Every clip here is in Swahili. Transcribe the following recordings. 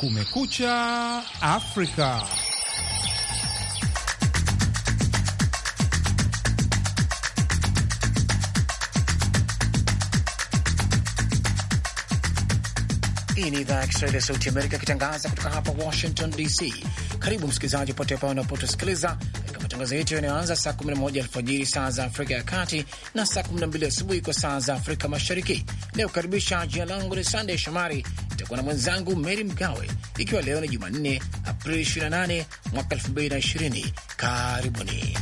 Kumekucha Afrika. Hii ni idhaa ya Kiswahili ya Sauti Amerika ikitangaza kutoka hapa Washington DC. Karibu msikilizaji, pote pale unapotusikiliza katika matangazo yetu yanayoanza saa 11 alfajiri saa za Afrika ya Kati na saa 12 asubuhi kwa saa za Afrika Mashariki. Inayokaribisha, jina langu ni Sandey Shomari nitakuwa na mwenzangu Mary Mgawe, ikiwa leo ni Jumanne Aprili 28 mwaka 2020. Karibuni.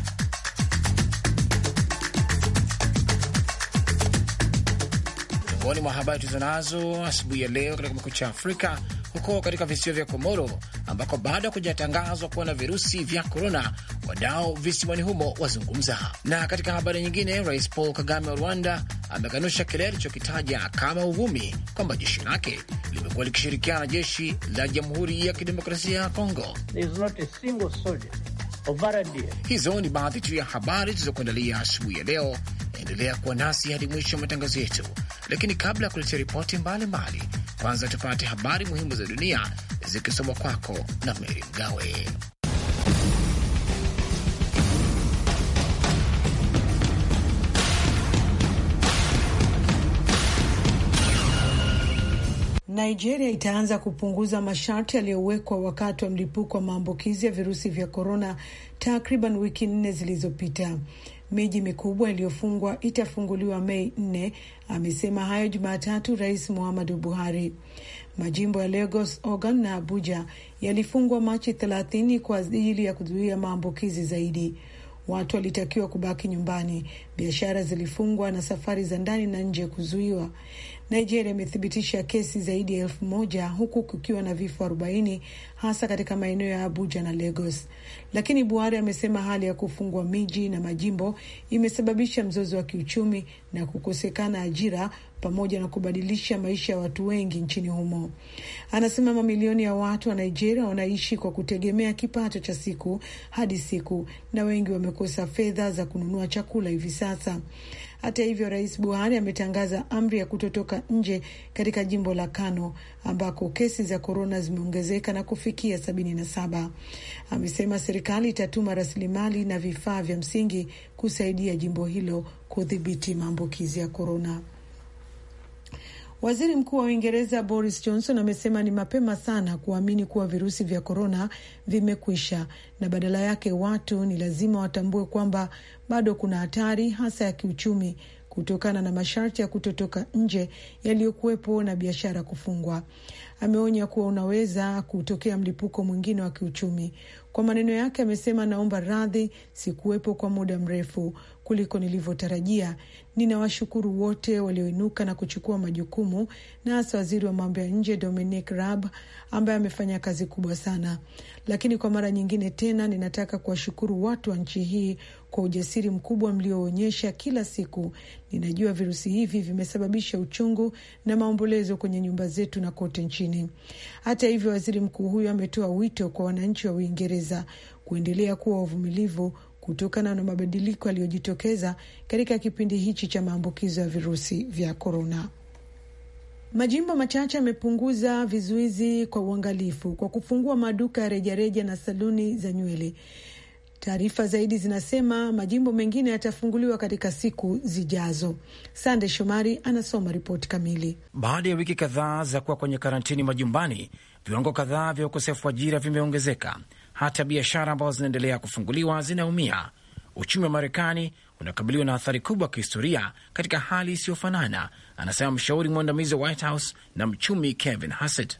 miongoni mwa habari tulizonazo asubuhi ya leo katika Kumekucha Afrika, huko katika visiwa vya Komoro ambako baada ya kujatangazwa kuwa na virusi vya korona, wadao visiwani humo wazungumza. Na katika habari nyingine, Rais Paul Kagame wa Rwanda amekanusha kile alichokitaja kama uvumi kwamba jeshi lake limekuwa likishirikiana na jeshi la Jamhuri ya Kidemokrasia ya Kongo. Hizo ni baadhi tu ya habari tulizokuandalia asubuhi ya leo. Endelea kuwa nasi hadi mwisho wa matangazo yetu, lakini kabla ya kuletea ripoti mbalimbali, kwanza tupate habari muhimu za dunia zikisomwa kwako na Meri Mgawe. Nigeria itaanza kupunguza masharti yaliyowekwa wakati wa mlipuko wa maambukizi ya virusi vya korona takriban wiki nne zilizopita miji mikubwa iliyofungwa itafunguliwa Mei nne. Amesema hayo Jumatatu Rais Muhammadu Buhari. Majimbo ya Lagos, ogan na Abuja yalifungwa Machi 30 kwa ajili ya kuzuia maambukizi zaidi. Watu walitakiwa kubaki nyumbani, biashara zilifungwa na safari za ndani na nje kuzuiwa. Nigeria imethibitisha kesi zaidi ya elfu moja huku kukiwa na vifo arobaini hasa katika maeneo ya Abuja na Lagos. Lakini Buhari amesema hali ya kufungwa miji na majimbo imesababisha mzozo wa kiuchumi na kukosekana ajira pamoja na kubadilisha maisha ya watu wengi nchini humo. Anasema mamilioni ya watu wa Nigeria wanaishi kwa kutegemea kipato cha siku hadi siku, na wengi wamekosa fedha za kununua chakula hivi sasa. Hata hivyo, Rais Buhari ametangaza amri ya kutotoka nje katika jimbo la Kano ambako kesi za korona zimeongezeka na kufikia sabini na saba. Amesema serikali itatuma rasilimali na vifaa vya msingi kusaidia jimbo hilo kudhibiti maambukizi ya korona. Waziri Mkuu wa Uingereza Boris Johnson amesema ni mapema sana kuamini kuwa virusi vya korona vimekwisha na badala yake watu ni lazima watambue kwamba bado kuna hatari hasa ya kiuchumi kutokana na masharti ya kutotoka nje yaliyokuwepo na biashara kufungwa. Ameonya kuwa unaweza kutokea mlipuko mwingine wa kiuchumi. Kwa maneno yake, amesema naomba radhi, sikuwepo kwa muda mrefu kuliko nilivyotarajia. Ninawashukuru wote walioinuka na kuchukua majukumu, na hasa waziri wa mambo ya nje Dominic Raab ambaye amefanya kazi kubwa sana. Lakini kwa mara nyingine tena, ninataka kuwashukuru watu wa nchi hii kwa ujasiri mkubwa mlioonyesha kila siku. Ninajua virusi hivi vimesababisha uchungu na maombolezo kwenye nyumba zetu na kote nchini. Hata hivyo, waziri mkuu huyo ametoa wito kwa wananchi wa Uingereza kuendelea kuwa wavumilivu kutokana na mabadiliko yaliyojitokeza katika kipindi hichi cha maambukizo ya virusi vya korona. Majimbo machache yamepunguza vizuizi kwa uangalifu kwa kufungua maduka ya rejareja na saluni za nywele. Taarifa zaidi zinasema majimbo mengine yatafunguliwa katika siku zijazo. Sande Shomari anasoma ripoti kamili. Baada ya wiki kadhaa za kuwa kwenye karantini majumbani, viwango kadhaa vya ukosefu wa ajira vimeongezeka hata biashara ambazo zinaendelea kufunguliwa zinaumia. Uchumi wa Marekani unakabiliwa na athari kubwa kihistoria katika hali isiyofanana, anasema mshauri mwandamizi wa White House na mchumi Kevin Hassett.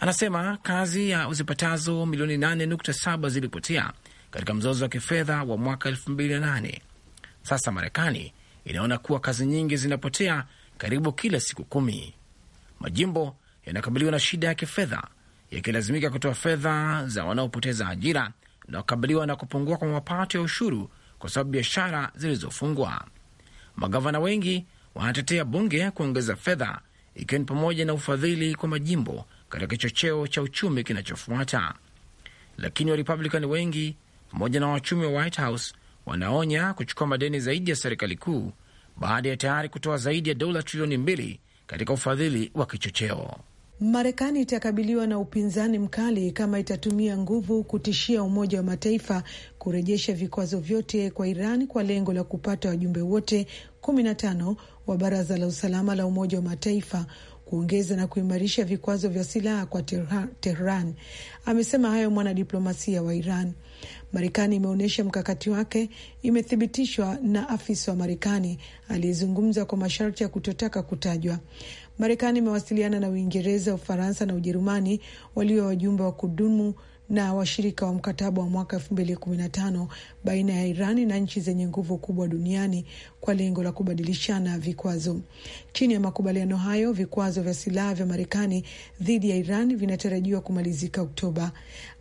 Anasema kazi ya zipatazo milioni 8.7 zilipotea katika mzozo wa kifedha wa mwaka 2008. Sasa Marekani inaona kuwa kazi nyingi zinapotea karibu kila siku kumi. Majimbo yanakabiliwa na shida ya kifedha yakilazimika kutoa fedha za wanaopoteza ajira na kukabiliwa na kupungua kwa mapato ya ushuru kwa sababu biashara zilizofungwa. Magavana wengi wanatetea bunge kuongeza fedha, ikiwa ni pamoja na ufadhili kwa majimbo katika kichocheo cha uchumi kinachofuata. Lakini Warepublican wengi pamoja na wachumi wa White House wanaonya kuchukua madeni zaidi ya serikali kuu baada ya tayari kutoa zaidi ya dola trilioni mbili katika ufadhili wa kichocheo. Marekani itakabiliwa na upinzani mkali kama itatumia nguvu kutishia Umoja wa Mataifa kurejesha vikwazo vyote kwa Iran kwa lengo la kupata wajumbe wote 15 wa Baraza la Usalama la Umoja wa Mataifa kuongeza na kuimarisha vikwazo vya silaha kwa Tehran. Amesema hayo mwanadiplomasia wa Iran. Marekani imeonyesha mkakati wake, imethibitishwa na afisa wa Marekani aliyezungumza kwa masharti ya kutotaka kutajwa. Marekani imewasiliana na Uingereza, Ufaransa na Ujerumani walio wajumbe wa kudumu na washirika wa mkataba wa mwaka elfu mbili kumi na tano baina ya Irani na nchi zenye nguvu kubwa duniani kwa lengo la kubadilishana vikwazo. Chini ya makubaliano hayo, vikwazo vya silaha vya Marekani dhidi ya Iran vinatarajiwa kumalizika Oktoba.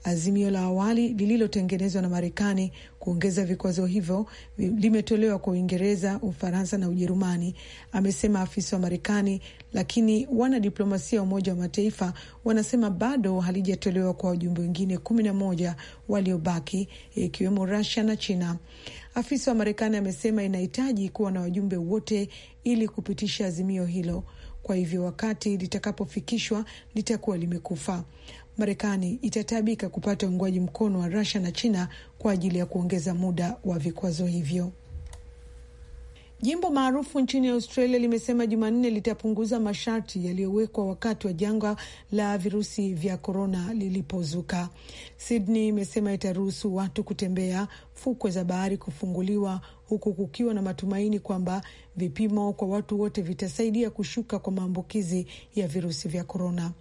Azimio la awali lililotengenezwa na Marekani kuongeza vikwazo hivyo limetolewa kwa Uingereza, Ufaransa na Ujerumani, amesema afisa wa Marekani, lakini wanadiplomasia wa Umoja wa Mataifa wanasema bado halijatolewa kwa wajumbe wengine kumi na moja waliobaki, ikiwemo Rusia na China. Afisa wa Marekani amesema inahitaji kuwa na wajumbe wote ili kupitisha azimio hilo. Kwa hivyo wakati litakapofikishwa litakuwa limekufa. Marekani itataabika kupata uungwaji mkono wa rasia na China kwa ajili ya kuongeza muda wa vikwazo hivyo. Jimbo maarufu nchini Australia limesema Jumanne litapunguza masharti yaliyowekwa wakati wa janga la virusi vya korona lilipozuka. Sydney imesema itaruhusu watu kutembea, fukwe za bahari kufunguliwa, huku kukiwa na matumaini kwamba vipimo kwa watu wote vitasaidia kushuka kwa maambukizi ya virusi vya korona.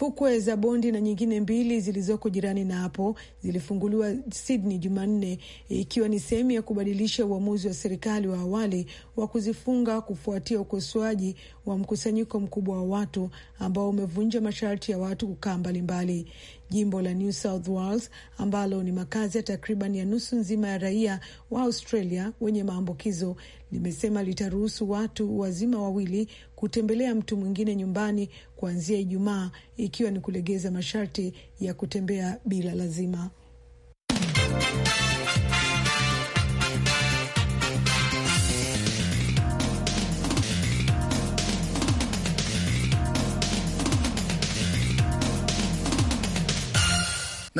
Fukwe za Bondi na nyingine mbili zilizoko jirani na hapo zilifunguliwa Sydney Jumanne, ikiwa ni sehemu ya kubadilisha uamuzi wa serikali wa awali wa kuzifunga kufuatia ukosoaji wa mkusanyiko mkubwa wa watu ambao umevunja masharti ya watu kukaa mbalimbali. Jimbo la New South Wales ambalo ni makazi ya takriban ya nusu nzima ya raia wa Australia wenye maambukizo limesema litaruhusu watu wazima wawili kutembelea mtu mwingine nyumbani kuanzia Ijumaa, ikiwa ni kulegeza masharti ya kutembea bila lazima.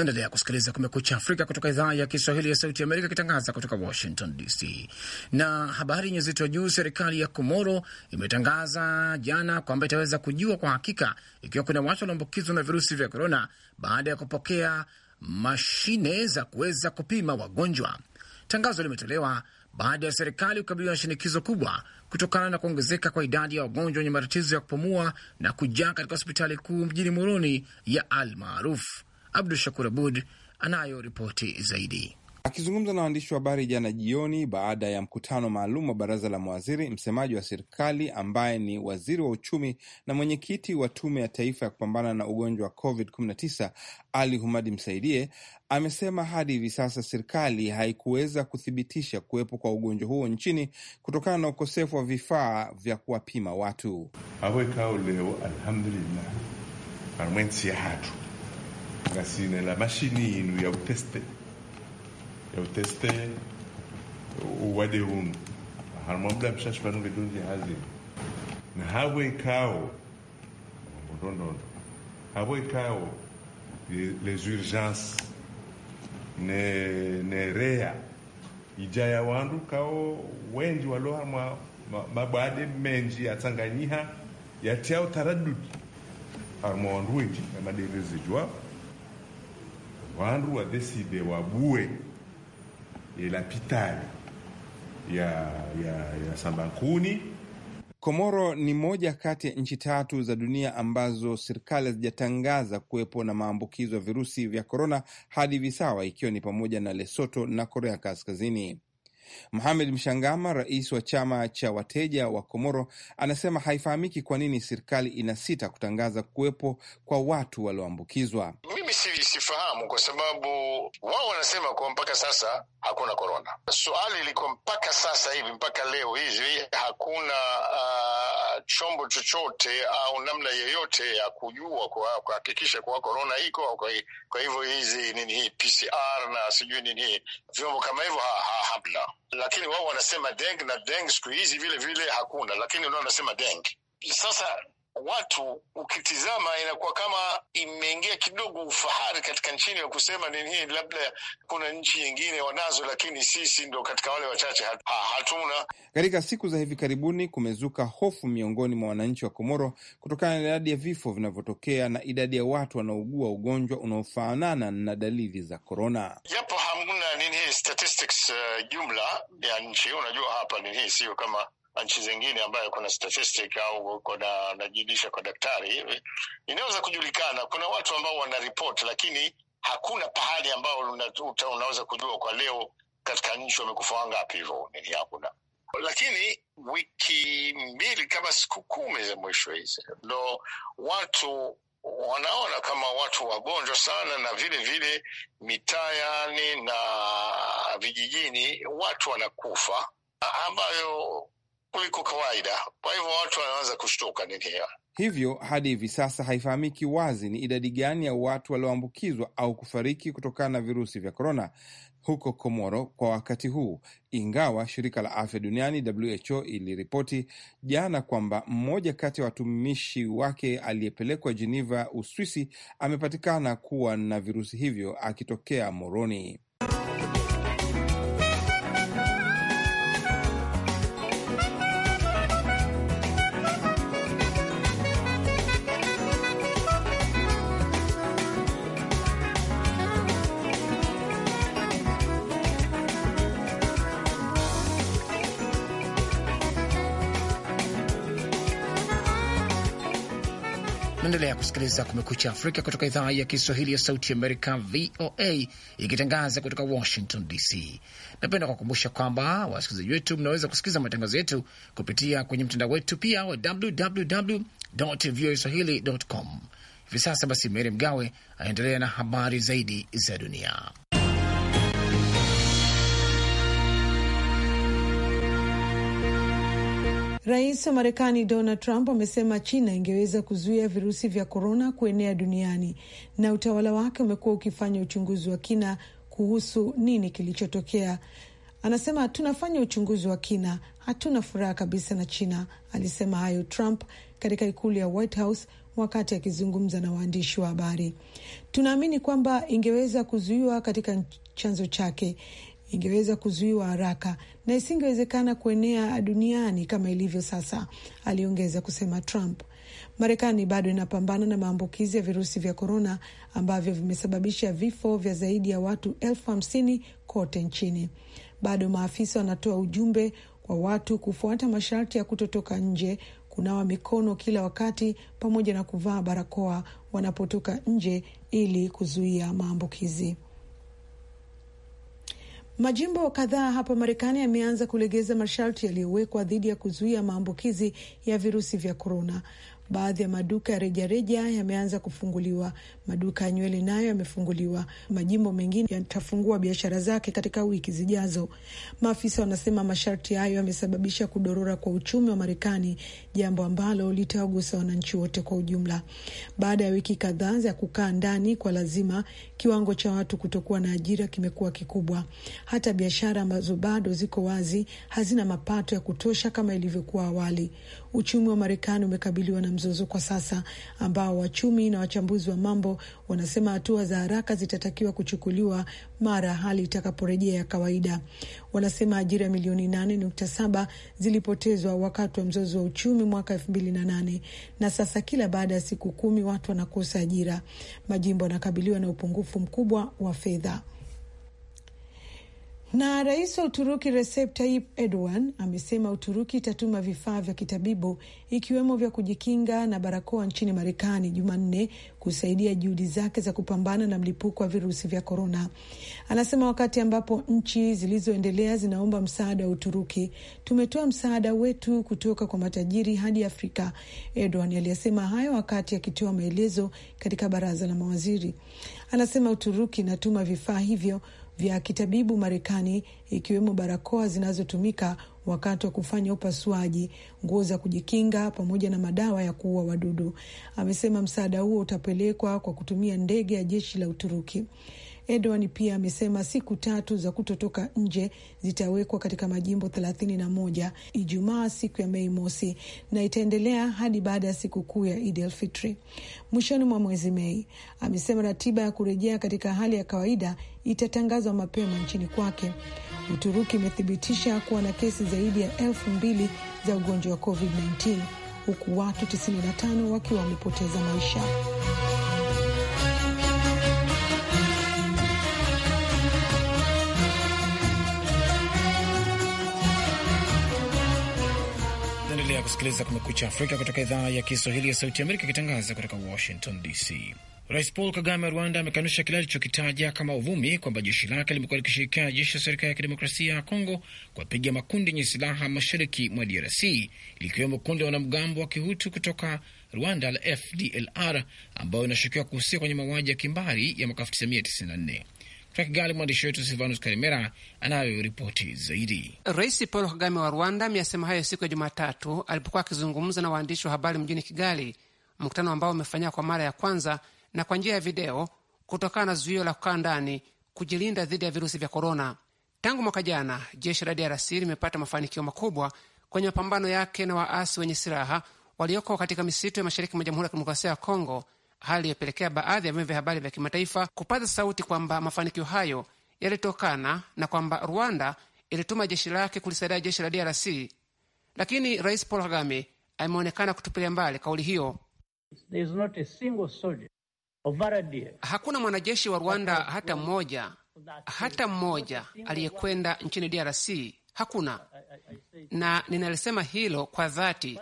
naendelea kusikiliza Kumekucha Afrika kutoka idhaa ya Kiswahili ya Sauti Amerika ikitangaza kutoka Washington DC. Na habari yenye uzito wa juu, serikali ya Komoro imetangaza jana kwamba itaweza kujua kwa hakika ikiwa kuna watu walioambukizwa na virusi vya korona baada ya kupokea mashine za kuweza kupima wagonjwa. Tangazo limetolewa baada ya serikali kukabiliwa na shinikizo kubwa kutokana na kuongezeka kwa idadi ya wagonjwa wenye matatizo ya kupumua na kujaa katika hospitali kuu mjini Moroni ya Al Maaruf. Abdu Shakur Abud anayo ripoti zaidi. Akizungumza na waandishi wa habari jana jioni baada ya mkutano maalum wa baraza la mawaziri, msemaji wa serikali ambaye ni waziri wa uchumi na mwenyekiti wa tume ya taifa ya kupambana na ugonjwa wa COVID-19 Ali Humadi Msaidie amesema hadi hivi sasa serikali haikuweza kuthibitisha kuwepo kwa ugonjwa huo nchini kutokana na ukosefu wa vifaa vya kuwapima watu. Awekao leo alhamdulillah hatu ngasine la mashini inu ya uteste ya uteste uwade unu halimwabula mshashi panu vidunji hazi na hawe ikao ndondondo hawe ikao les urgences ne, ne rea ija ya wandu kao wenji waloha mwa mabwade menji atsanganyiha yatiao taradudi harimwa wandu wenji amaderezijwao vandu vadeside wabue lapitali ya, ya, ya Sambankuni. Komoro ni moja kati ya nchi tatu za dunia ambazo serikali hazijatangaza kuwepo na maambukizo ya virusi vya korona hadi hivi sawa, ikiwa ni pamoja na Lesoto na Korea Kaskazini. Mohamed Mshangama, rais wa chama cha wateja wa Komoro, anasema haifahamiki kwa nini serikali inasita kutangaza kuwepo kwa watu walioambukizwa. Mimi sifahamu kwa sababu wao wanasema kuwa mpaka sasa hakuna korona. suali ilikuwa mpaka sasa hivi, mpaka leo hivi hakuna uh, chombo chochote au namna yeyote ya kujua kuhakikisha kuwa korona iko kwa, kwa hivyo hizi nini hii PCR na sijui nini hii vyombo kama hivyo ha, ha, lakini wao wanasema deng na deng siku hizi vile vile hakuna, lakini ndio wanasema deng. Sasa watu ukitizama inakuwa kama imeingia kidogo ufahari katika nchini ya kusema nini hii, labda kuna nchi nyingine wanazo, lakini sisi ndo katika wale wachache ha, hatuna. Katika siku za hivi karibuni kumezuka hofu miongoni mwa wananchi wa Komoro kutokana na idadi ya vifo vinavyotokea na idadi ya watu wanaougua ugonjwa unaofanana na dalili za korona, japo hamna nini hii statistics uh, jumla ya nchi. Unajua hapa nini hii sio kama nchi zingine ambayo kuna statistic au kuna kwa daktari, inaweza kujulikana. Kuna watu ambao wanaripoti, lakini hakuna pahali ambao unaweza kujua kwa leo katika nchi wamekufa wangapi, hivyo nini, hakuna. Lakini wiki mbili kama siku kumi za mwisho hizi ndo watu wanaona kama watu wagonjwa sana, na vile vile yani na vijijini watu wanakufa ambayo kuliko kawaida. Kwa hivyo watu wanaanza kushtuka nini hiyo. Hivyo hadi hivi sasa haifahamiki wazi ni idadi gani ya watu walioambukizwa au kufariki kutokana na virusi vya korona huko Komoro kwa wakati huu, ingawa shirika la afya duniani WHO iliripoti jana kwamba mmoja kati ya watumishi wake aliyepelekwa Geneva, Uswisi, amepatikana kuwa na virusi hivyo akitokea Moroni. Unaendelea kusikiliza Kumekucha Afrika kutoka idhaa ya Kiswahili ya Sauti Amerika, VOA, ikitangaza kutoka Washington DC. Napenda kuwakumbusha kwamba wasikilizaji wetu mnaweza kusikiliza matangazo yetu kupitia kwenye mtandao wetu pia wa www voa swahili com. Hivi sasa basi, Meri Mgawe anaendelea na habari zaidi za dunia. Rais wa Marekani Donald Trump amesema China ingeweza kuzuia virusi vya korona kuenea duniani, na utawala wake umekuwa ukifanya uchunguzi wa kina kuhusu nini kilichotokea. Anasema tunafanya uchunguzi wa kina, hatuna furaha kabisa na China. Alisema hayo Trump katika ikulu ya White House wakati akizungumza na waandishi wa habari. Tunaamini kwamba ingeweza kuzuiwa katika chanzo chake, ingeweza kuzuiwa haraka na isingewezekana kuenea duniani kama ilivyo sasa, aliongeza kusema Trump. Marekani bado inapambana na maambukizi ya virusi vya korona ambavyo vimesababisha vifo vya zaidi ya watu elfu hamsini kote nchini. Bado maafisa wanatoa ujumbe kwa watu kufuata masharti ya kutotoka nje, kunawa mikono kila wakati, pamoja na kuvaa barakoa wanapotoka nje ili kuzuia maambukizi. Majimbo kadhaa hapa Marekani yameanza kulegeza masharti yaliyowekwa dhidi ya kuzuia maambukizi ya virusi vya korona. Baadhi ya maduka ya rejareja yameanza kufunguliwa, maduka ya nywele nayo yamefunguliwa. Majimbo mengine yatafungua biashara zake katika wiki zijazo. Maafisa wanasema masharti hayo yamesababisha kudorora kwa uchumi wa Marekani, jambo ambalo litawagusa wananchi wote kwa ujumla. Baada ya wiki kadhaa za kukaa ndani kwa lazima, kiwango cha watu kutokuwa na ajira kimekuwa kikubwa. Hata biashara ambazo bado ziko wazi hazina mapato ya kutosha kama ilivyokuwa awali uchumi wa Marekani umekabiliwa na mzozo kwa sasa, ambao wachumi na wachambuzi wa mambo wanasema hatua za haraka zitatakiwa kuchukuliwa mara hali itakaporejea ya kawaida. Wanasema ajira milioni nane nukta saba zilipotezwa wakati wa mzozo wa uchumi mwaka elfu 2008 na sasa kila baada ya siku kumi watu wanakosa ajira. Majimbo yanakabiliwa na upungufu mkubwa wa fedha. Na rais wa Uturuki Recep Tayyip Erdogan amesema Uturuki itatuma vifaa vya kitabibu ikiwemo vya kujikinga na barakoa nchini Marekani Jumanne kusaidia juhudi zake za kupambana na mlipuko wa virusi vya korona. Anasema wakati ambapo nchi zilizoendelea zinaomba msaada wa Uturuki, tumetoa msaada wetu kutoka kwa matajiri hadi Afrika. Erdogan aliyasema hayo wakati akitoa maelezo katika baraza la mawaziri. Anasema Uturuki inatuma vifaa hivyo vya kitabibu Marekani, ikiwemo barakoa zinazotumika wakati wa kufanya upasuaji, nguo za kujikinga pamoja na madawa ya kuua wadudu. Amesema msaada huo utapelekwa kwa kutumia ndege ya jeshi la Uturuki. Edwan pia amesema siku tatu za kutotoka nje zitawekwa katika majimbo thelathini na moja Ijumaa siku ya Mei mosi na itaendelea hadi baada ya sikukuu ya Idi el Fitri mwishoni mwa mwezi Mei. Amesema ratiba ya kurejea katika hali ya kawaida itatangazwa mapema nchini kwake. Uturuki imethibitisha kuwa na kesi zaidi ya elfu mbili za ugonjwa wa COVID-19 huku watu 95 wakiwa wamepoteza maisha. Naendelea kusikiliza Kumekucha Afrika kutoka idhaa ya Kiswahili ya Sauti Amerika ikitangaza kutoka Washington DC. Rais Paul Kagame wa Rwanda amekanusha kile alichokitaja kama uvumi kwamba jeshi lake limekuwa likishirikiana na jeshi la serikali ya kidemokrasia ya Kongo kuwapiga makundi yenye silaha mashariki mwa DRC, likiwemo kundi la wanamgambo wa kihutu kutoka Rwanda la FDLR ambayo inashukiwa kuhusika kwenye mauaji ya kimbari ya mwaka 1994. Kutoka Kigali, mwandishi wetu Silvanus Karimera anayo ripoti zaidi. Rais Paul Kagame wa Rwanda ameyasema hayo siku ya Jumatatu alipokuwa akizungumza na waandishi wa habari mjini Kigali, mkutano ambao umefanyika kwa mara ya kwanza na kwa njia ya video kutokana na zuio la kukaa ndani kujilinda dhidi ya virusi vya korona. Tangu mwaka jana, jeshi la DRC limepata mafanikio makubwa kwenye mapambano yake na waasi wenye silaha walioko katika misitu ya mashariki mwa Jamhuri ya Kidemokrasia ya Kongo hali iliyopelekea baadhi ya vyombo vya habari vya kimataifa kupaza sauti kwamba mafanikio hayo yalitokana na kwamba Rwanda ilituma jeshi lake kulisaidia jeshi la DRC, lakini Rais Paul Kagame ameonekana kutupilia mbali kauli hiyo. Hakuna mwanajeshi wa Rwanda hata mmoja, hata mmoja aliyekwenda nchini DRC, hakuna. Na ninalisema hilo kwa dhati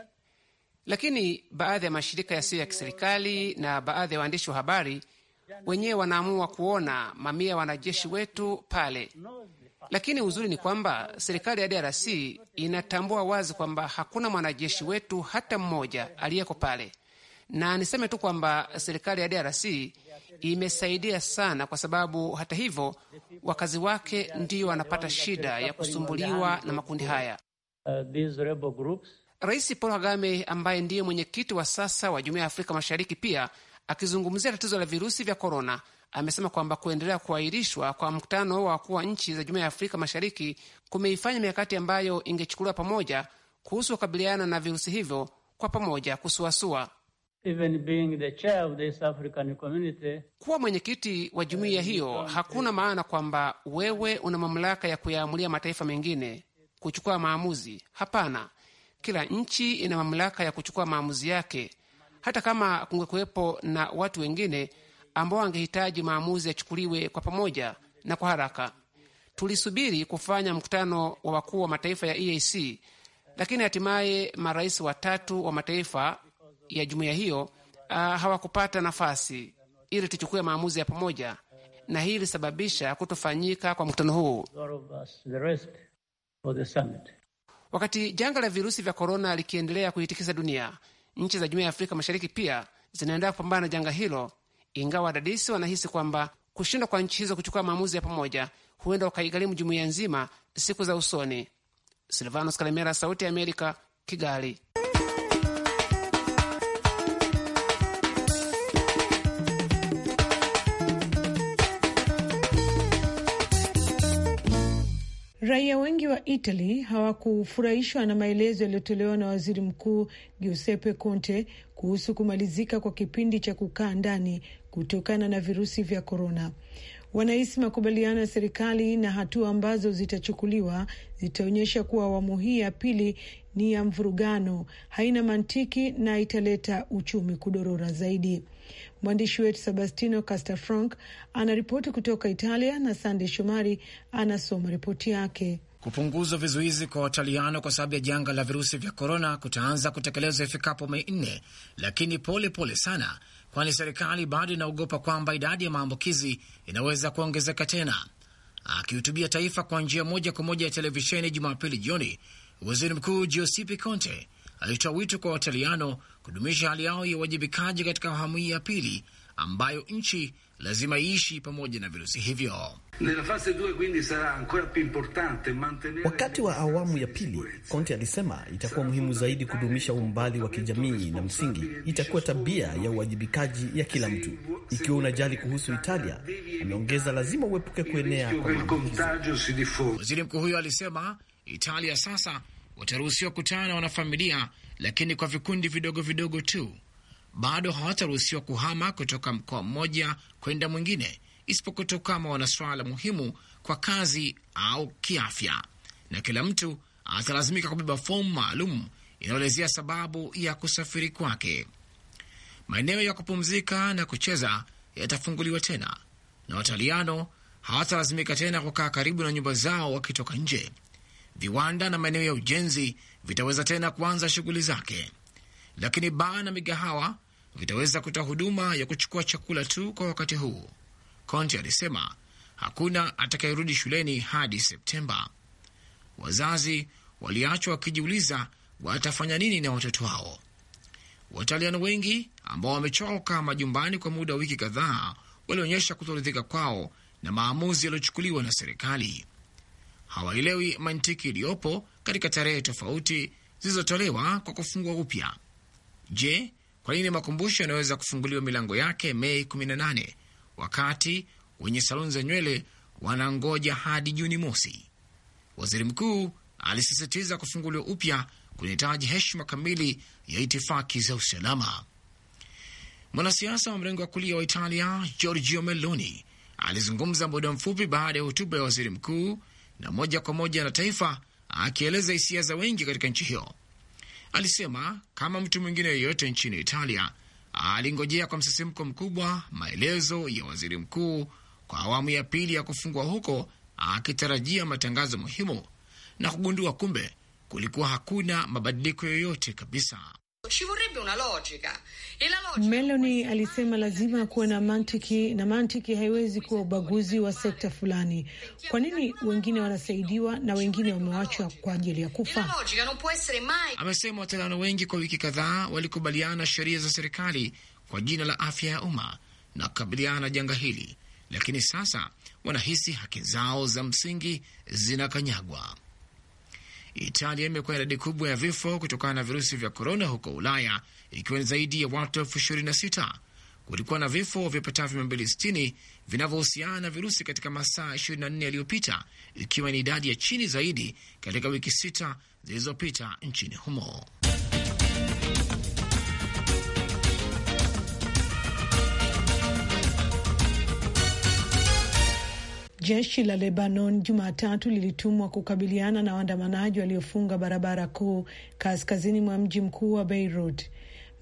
lakini baadhi ya mashirika yasiyo ya kiserikali na baadhi ya waandishi wa habari wenyewe wanaamua kuona mamia ya wanajeshi wetu pale. Lakini uzuri ni kwamba serikali ya DRC inatambua wazi kwamba hakuna mwanajeshi wetu hata mmoja aliyeko pale, na niseme tu kwamba serikali ya DRC imesaidia sana, kwa sababu hata hivyo wakazi wake ndiyo wanapata shida ya kusumbuliwa na makundi haya. Uh, these rebel groups Rais Paul Kagame ambaye ndiye mwenyekiti wa sasa wa Jumuiya ya Afrika Mashariki, pia akizungumzia tatizo la virusi vya korona, amesema kwamba kuendelea kuahirishwa kwa mkutano wa wakuu wa nchi za Jumuiya ya Afrika Mashariki kumeifanya mikakati ambayo ingechukuliwa pamoja kuhusu kukabiliana na virusi hivyo kwa pamoja kusuasua. Even being the chair of this African community, kuwa mwenyekiti wa jumuiya hiyo uh, hakuna maana kwamba wewe una mamlaka ya kuyaamulia mataifa mengine kuchukua maamuzi. Hapana, kila nchi ina mamlaka ya kuchukua maamuzi yake, hata kama kungekuwepo na watu wengine ambao wangehitaji maamuzi yachukuliwe kwa pamoja na kwa haraka. Tulisubiri kufanya mkutano wa wakuu wa mataifa ya EAC, lakini hatimaye marais watatu wa mataifa ya jumuiya hiyo ah, hawakupata nafasi ili tuchukue maamuzi ya pamoja, na hii ilisababisha kutofanyika kwa mkutano huu. Wakati janga la virusi vya korona likiendelea kuitikisa dunia, nchi za jumuiya ya Afrika Mashariki pia zinaendelea kupambana na janga hilo, ingawa wadadisi wanahisi kwamba kushindwa kwa nchi hizo kuchukua maamuzi ya pamoja huenda wakaigharimu jumuiya nzima siku za usoni. Silvanos Kalemera, Sauti ya Amerika, Kigali. Raia wengi wa Italy hawakufurahishwa na maelezo yaliyotolewa na waziri mkuu Giuseppe Conte kuhusu kumalizika kwa kipindi cha kukaa ndani kutokana na virusi vya korona. Wanahisi makubaliano ya serikali na hatua ambazo zitachukuliwa zitaonyesha kuwa awamu hii ya pili ni ya mvurugano, haina mantiki na italeta uchumi kudorora zaidi. Mwandishi wetu Sebastino frank anaripoti kutoka Italia na Sandey Shomari anasoma ripoti yake. Kupunguzwa vizuizi kwa Wataliano kwa sababu ya janga la virusi vya korona kutaanza kutekelezwa ifikapo Mei nne, lakini pole pole sana, kwani serikali bado inaogopa kwamba idadi ya maambukizi inaweza kuongezeka tena. Akihutubia taifa kwa njia moja kwa moja ya televisheni Jumapili jioni, waziri mkuu Giuseppe Conte alitoa wito kwa Wataliano kudumisha hali yao ya uwajibikaji katika awamu hii ya pili ambayo nchi lazima iishi pamoja na virusi hivyo. Wakati wa awamu ya pili, Conte alisema itakuwa muhimu zaidi kudumisha umbali wa kijamii na msingi itakuwa tabia ya uwajibikaji ya kila mtu. Ikiwa unajali kuhusu Italia, ameongeza, lazima uepuke kuenea kwa Waziri mkuu huyo alisema Italia sasa wataruhusiwa kutana na wanafamilia, lakini kwa vikundi vidogo vidogo tu. Bado hawataruhusiwa kuhama kutoka mkoa mmoja kwenda mwingine, isipokuwa kama wana swala muhimu kwa kazi au kiafya, na kila mtu atalazimika kubeba fomu maalum inayoelezea sababu ya kusafiri kwake. Maeneo ya kupumzika na kucheza yatafunguliwa tena na Wataliano hawatalazimika tena kukaa karibu na nyumba zao wakitoka nje viwanda na maeneo ya ujenzi vitaweza tena kuanza shughuli zake, lakini baa na migahawa vitaweza kutoa huduma ya kuchukua chakula tu kwa wakati huu. Conte alisema hakuna atakayerudi shuleni hadi Septemba. Wazazi waliachwa wakijiuliza watafanya nini na watoto wao. Wataliano wengi ambao wamechoka majumbani kwa muda wa wiki kadhaa walionyesha kutoridhika kwao na maamuzi yaliyochukuliwa na serikali hawaelewi mantiki iliyopo katika tarehe tofauti zilizotolewa kwa kufungwa upya. Je, kwa nini makumbusho yanaweza kufunguliwa milango yake Mei 18 wakati wenye saluni za nywele wanangoja hadi Juni mosi? Waziri mkuu alisisitiza kufunguliwa upya kunahitaji heshima kamili ya itifaki za usalama. Mwanasiasa wa mrengo wa kulia wa Italia Giorgio Meloni alizungumza muda mfupi baada ya hotuba ya waziri mkuu na moja kwa moja na taifa, akieleza hisia za wengi katika nchi hiyo. Alisema kama mtu mwingine yeyote nchini Italia alingojea kwa msisimko mkubwa maelezo ya waziri mkuu kwa awamu ya pili ya kufungwa huko, akitarajia matangazo muhimu na kugundua kumbe kulikuwa hakuna mabadiliko yoyote kabisa. Ci vorrebbe una logica. E la logica Meloni alisema lazima kuwe na mantiki na mantiki haiwezi kuwa ubaguzi wa sekta fulani. Kwa nini wengine wanasaidiwa na wengine wamewachwa kwa ajili ya kufa? E Amesema wataalamu wengi kwa wiki kadhaa walikubaliana na sheria za serikali kwa jina la afya ya umma na kukabiliana na janga hili, lakini sasa wanahisi haki zao za msingi zinakanyagwa. Italia imekuwa idadi kubwa ya vifo kutokana na virusi vya korona huko Ulaya, ikiwa ni zaidi ya watu elfu ishirini na sita. Kulikuwa na vifo vipatavyo 260 vinavyohusiana na virusi katika masaa 24 yaliyopita, ikiwa ni idadi ya chini zaidi katika wiki sita zilizopita nchini humo. Jeshi la Lebanon Jumatatu lilitumwa kukabiliana na waandamanaji waliofunga barabara kuu kaskazini mwa mji mkuu wa Beirut.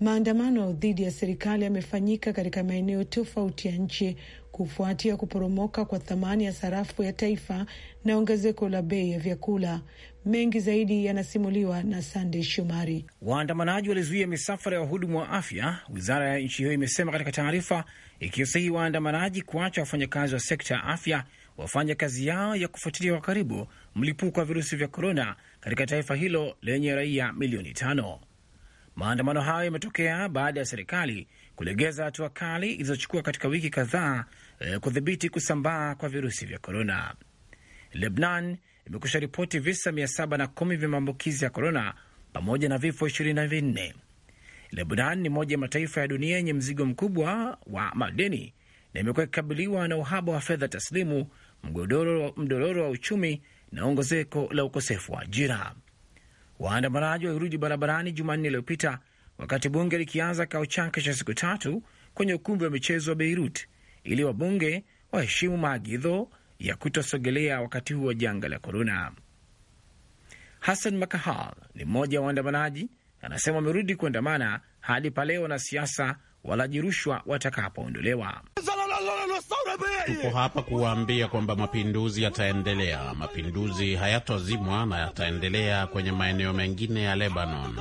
Maandamano dhidi ya serikali yamefanyika katika maeneo tofauti ya nchi kufuatia kuporomoka kwa thamani ya sarafu ya taifa na ongezeko la bei ya vyakula. Mengi zaidi yanasimuliwa na Sandey Shomari. Waandamanaji walizuia misafara ya wahudumu wa afya, wizara ya nchi hiyo imesema katika taarifa, ikiwasihi waandamanaji kuacha wafanyakazi wa sekta ya afya wafanya kazi yao ya kufuatilia kwa karibu mlipuko wa virusi vya korona katika taifa hilo lenye raia milioni tano. Maandamano hayo yametokea baada ya serikali kulegeza hatua kali ilizochukua katika wiki kadhaa eh, kudhibiti kusambaa kwa virusi vya korona. Lebnan imekusha ripoti visa 710 vya maambukizi ya korona pamoja na vifo 24. Lebnan ni moja ya mataifa ya dunia yenye mzigo mkubwa wa madeni na imekuwa ikikabiliwa na uhaba wa fedha taslimu mgodoro mdororo wa uchumi na ongezeko la ukosefu wa ajira. Waandamanaji walirudi barabarani Jumanne iliyopita wakati bunge likianza kikao chake cha siku tatu kwenye ukumbi wa michezo wa Beirut ili wabunge waheshimu maagizo ya kutosogelea wakati huu wa janga la korona. Hassan Makahal ni mmoja wa waandamanaji, anasema wamerudi kuandamana hadi pale wanasiasa walaji rushwa watakapoondolewa tuko hapa kuwaambia kwamba mapinduzi yataendelea. Mapinduzi hayatozimwa na yataendelea kwenye maeneo mengine ya Lebanon.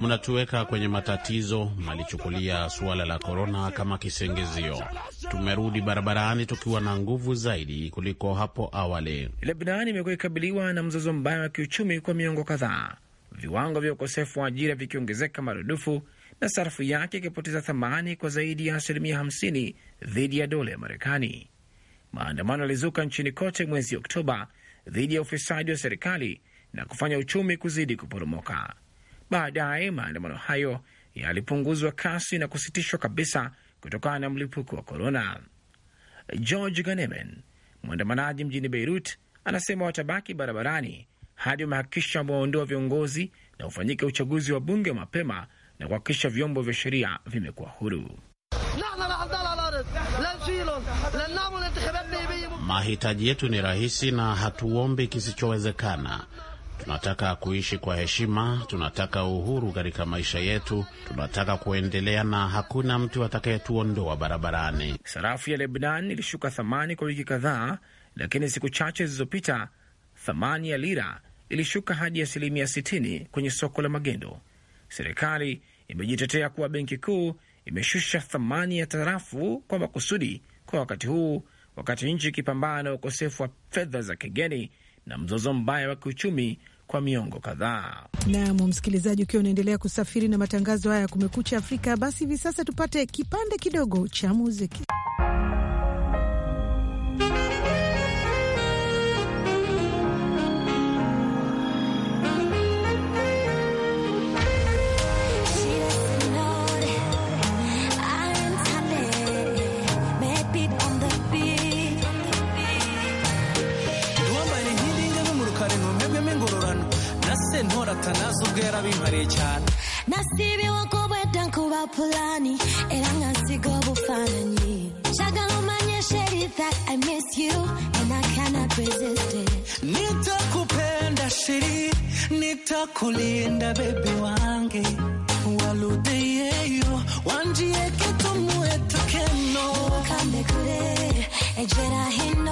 Mnatuweka kwenye matatizo, malichukulia suala la korona kama kisingizio. Tumerudi barabarani tukiwa na nguvu zaidi kuliko hapo awali. Lebanon imekuwa ikikabiliwa na mzozo mbaya wa kiuchumi kwa miongo kadhaa, viwango vya ukosefu wa ajira vikiongezeka maradufu na sarafu yake ikipoteza thamani kwa zaidi ya asilimia 50 dhidi ya dola ya Marekani. Maandamano yalizuka nchini kote mwezi Oktoba dhidi ya ufisadi wa serikali na kufanya uchumi kuzidi kuporomoka. Baadaye maandamano hayo yalipunguzwa kasi na kusitishwa kabisa kutokana na mlipuko wa korona. George Ganemen, mwandamanaji mjini Beirut, anasema watabaki barabarani hadi wamehakikisha wameondoa viongozi na ufanyike uchaguzi wa bunge mapema na kuhakikisha vyombo vya sheria vimekuwa huru. Mahitaji yetu ni rahisi na hatuombi kisichowezekana. Tunataka kuishi kwa heshima, tunataka uhuru katika maisha yetu, tunataka kuendelea na hakuna mtu atakayetuondoa barabarani. Sarafu ya Lebnan ilishuka thamani kwa wiki kadhaa, lakini siku chache zilizopita thamani ya lira ilishuka hadi asilimia 60 kwenye soko la magendo Serikali imejitetea kuwa benki kuu imeshusha thamani ya sarafu kwa makusudi kwa wakati huu, wakati nchi ikipambana na ukosefu wa fedha za kigeni na mzozo mbaya wa kiuchumi kwa miongo kadhaa. Naam, msikilizaji, ukiwa unaendelea kusafiri na matangazo haya ya Kumekucha Afrika, basi hivi sasa tupate kipande kidogo cha muziki. that I miss you and I cannot resist it. Nita kupenda shiri, nita nitakulinda baby wange. walude yeyo, wanjie kitu muetu keno. kure, ejera hino.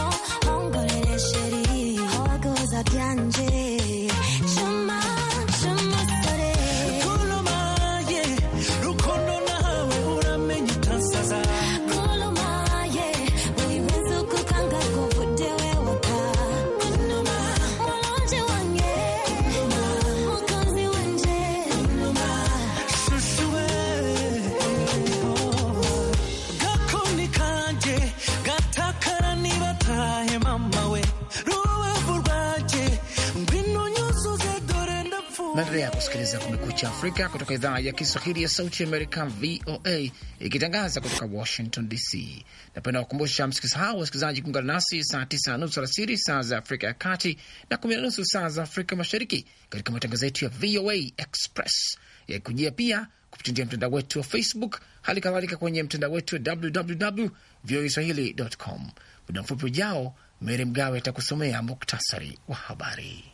kusikiliza Kumekucha Afrika kutoka idhaa ya Kiswahili ya Sauti Amerika, VOA, ikitangaza kutoka Washington DC. Napenda kukumbusha hao wasikilizaji kuungana nasi saa tisa na nusu alasiri saa za Afrika ya Kati na kumi na nusu saa za Afrika Mashariki katika matangazo yetu ya VOA Express yakikujia pia kupitia mtandao wetu wa Facebook, hali kadhalika kwenye mtandao wetu wa www voa swahili.com. Muda mfupi ujao, Meri Mgawe atakusomea muktasari wa habari.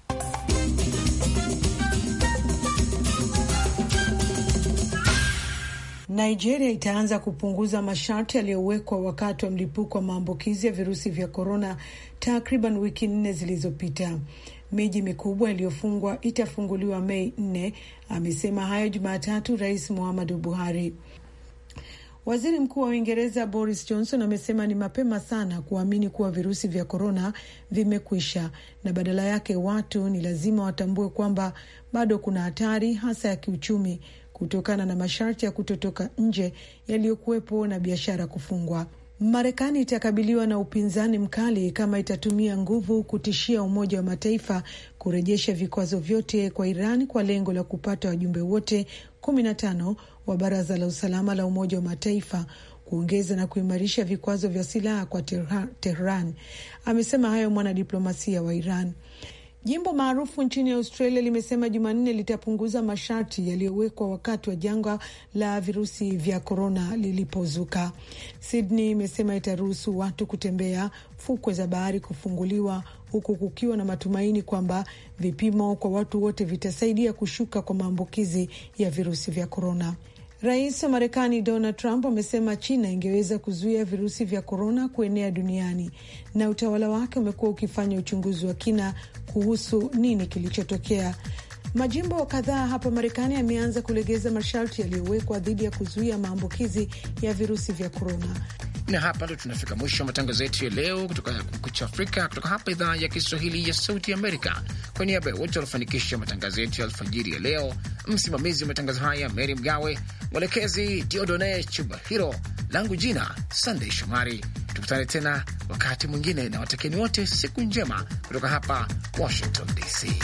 Nigeria itaanza kupunguza masharti yaliyowekwa wakati wa mlipuko wa maambukizi ya virusi vya korona takriban wiki nne zilizopita. Miji mikubwa iliyofungwa itafunguliwa Mei nne. Amesema hayo Jumatatu Rais Muhammadu Buhari. Waziri Mkuu wa Uingereza Boris Johnson amesema ni mapema sana kuamini kuwa virusi vya korona vimekwisha, na badala yake watu ni lazima watambue kwamba bado kuna hatari hasa ya kiuchumi kutokana na masharti ya kutotoka nje yaliyokuwepo na biashara kufungwa. Marekani itakabiliwa na upinzani mkali kama itatumia nguvu kutishia Umoja wa Mataifa kurejesha vikwazo vyote kwa Iran kwa lengo la kupata wajumbe wote 15 wa Baraza la Usalama la Umoja wa Mataifa kuongeza na kuimarisha vikwazo vya silaha kwa Tehran. Amesema hayo mwanadiplomasia wa Iran. Jimbo maarufu nchini Australia limesema Jumanne litapunguza masharti yaliyowekwa wakati wa janga la virusi vya korona lilipozuka. Sydney imesema itaruhusu watu kutembea, fukwe za bahari kufunguliwa, huku kukiwa na matumaini kwamba vipimo kwa watu wote vitasaidia kushuka kwa maambukizi ya virusi vya korona. Rais wa Marekani Donald Trump amesema China ingeweza kuzuia virusi vya korona kuenea duniani, na utawala wake umekuwa ukifanya uchunguzi wa kina kuhusu nini kilichotokea. Majimbo kadhaa hapa Marekani yameanza kulegeza masharti yaliyowekwa dhidi ya kuzuia maambukizi ya virusi vya korona. Na hapa ndo tunafika mwisho wa matangazo yetu ya leo kutoka Kucha Afrika, kutoka hapa idhaa ya Kiswahili ya Sauti Amerika. Kwa niaba ya wote waliofanikisha matangazo yetu ya alfajiri ya leo, msimamizi wa matangazo haya Mary Mgawe, mwelekezi Diodone Chubahiro, langu jina Sandey Shomari. Tukutane tena wakati mwingine na watekeni wote siku njema kutoka hapa Washington DC.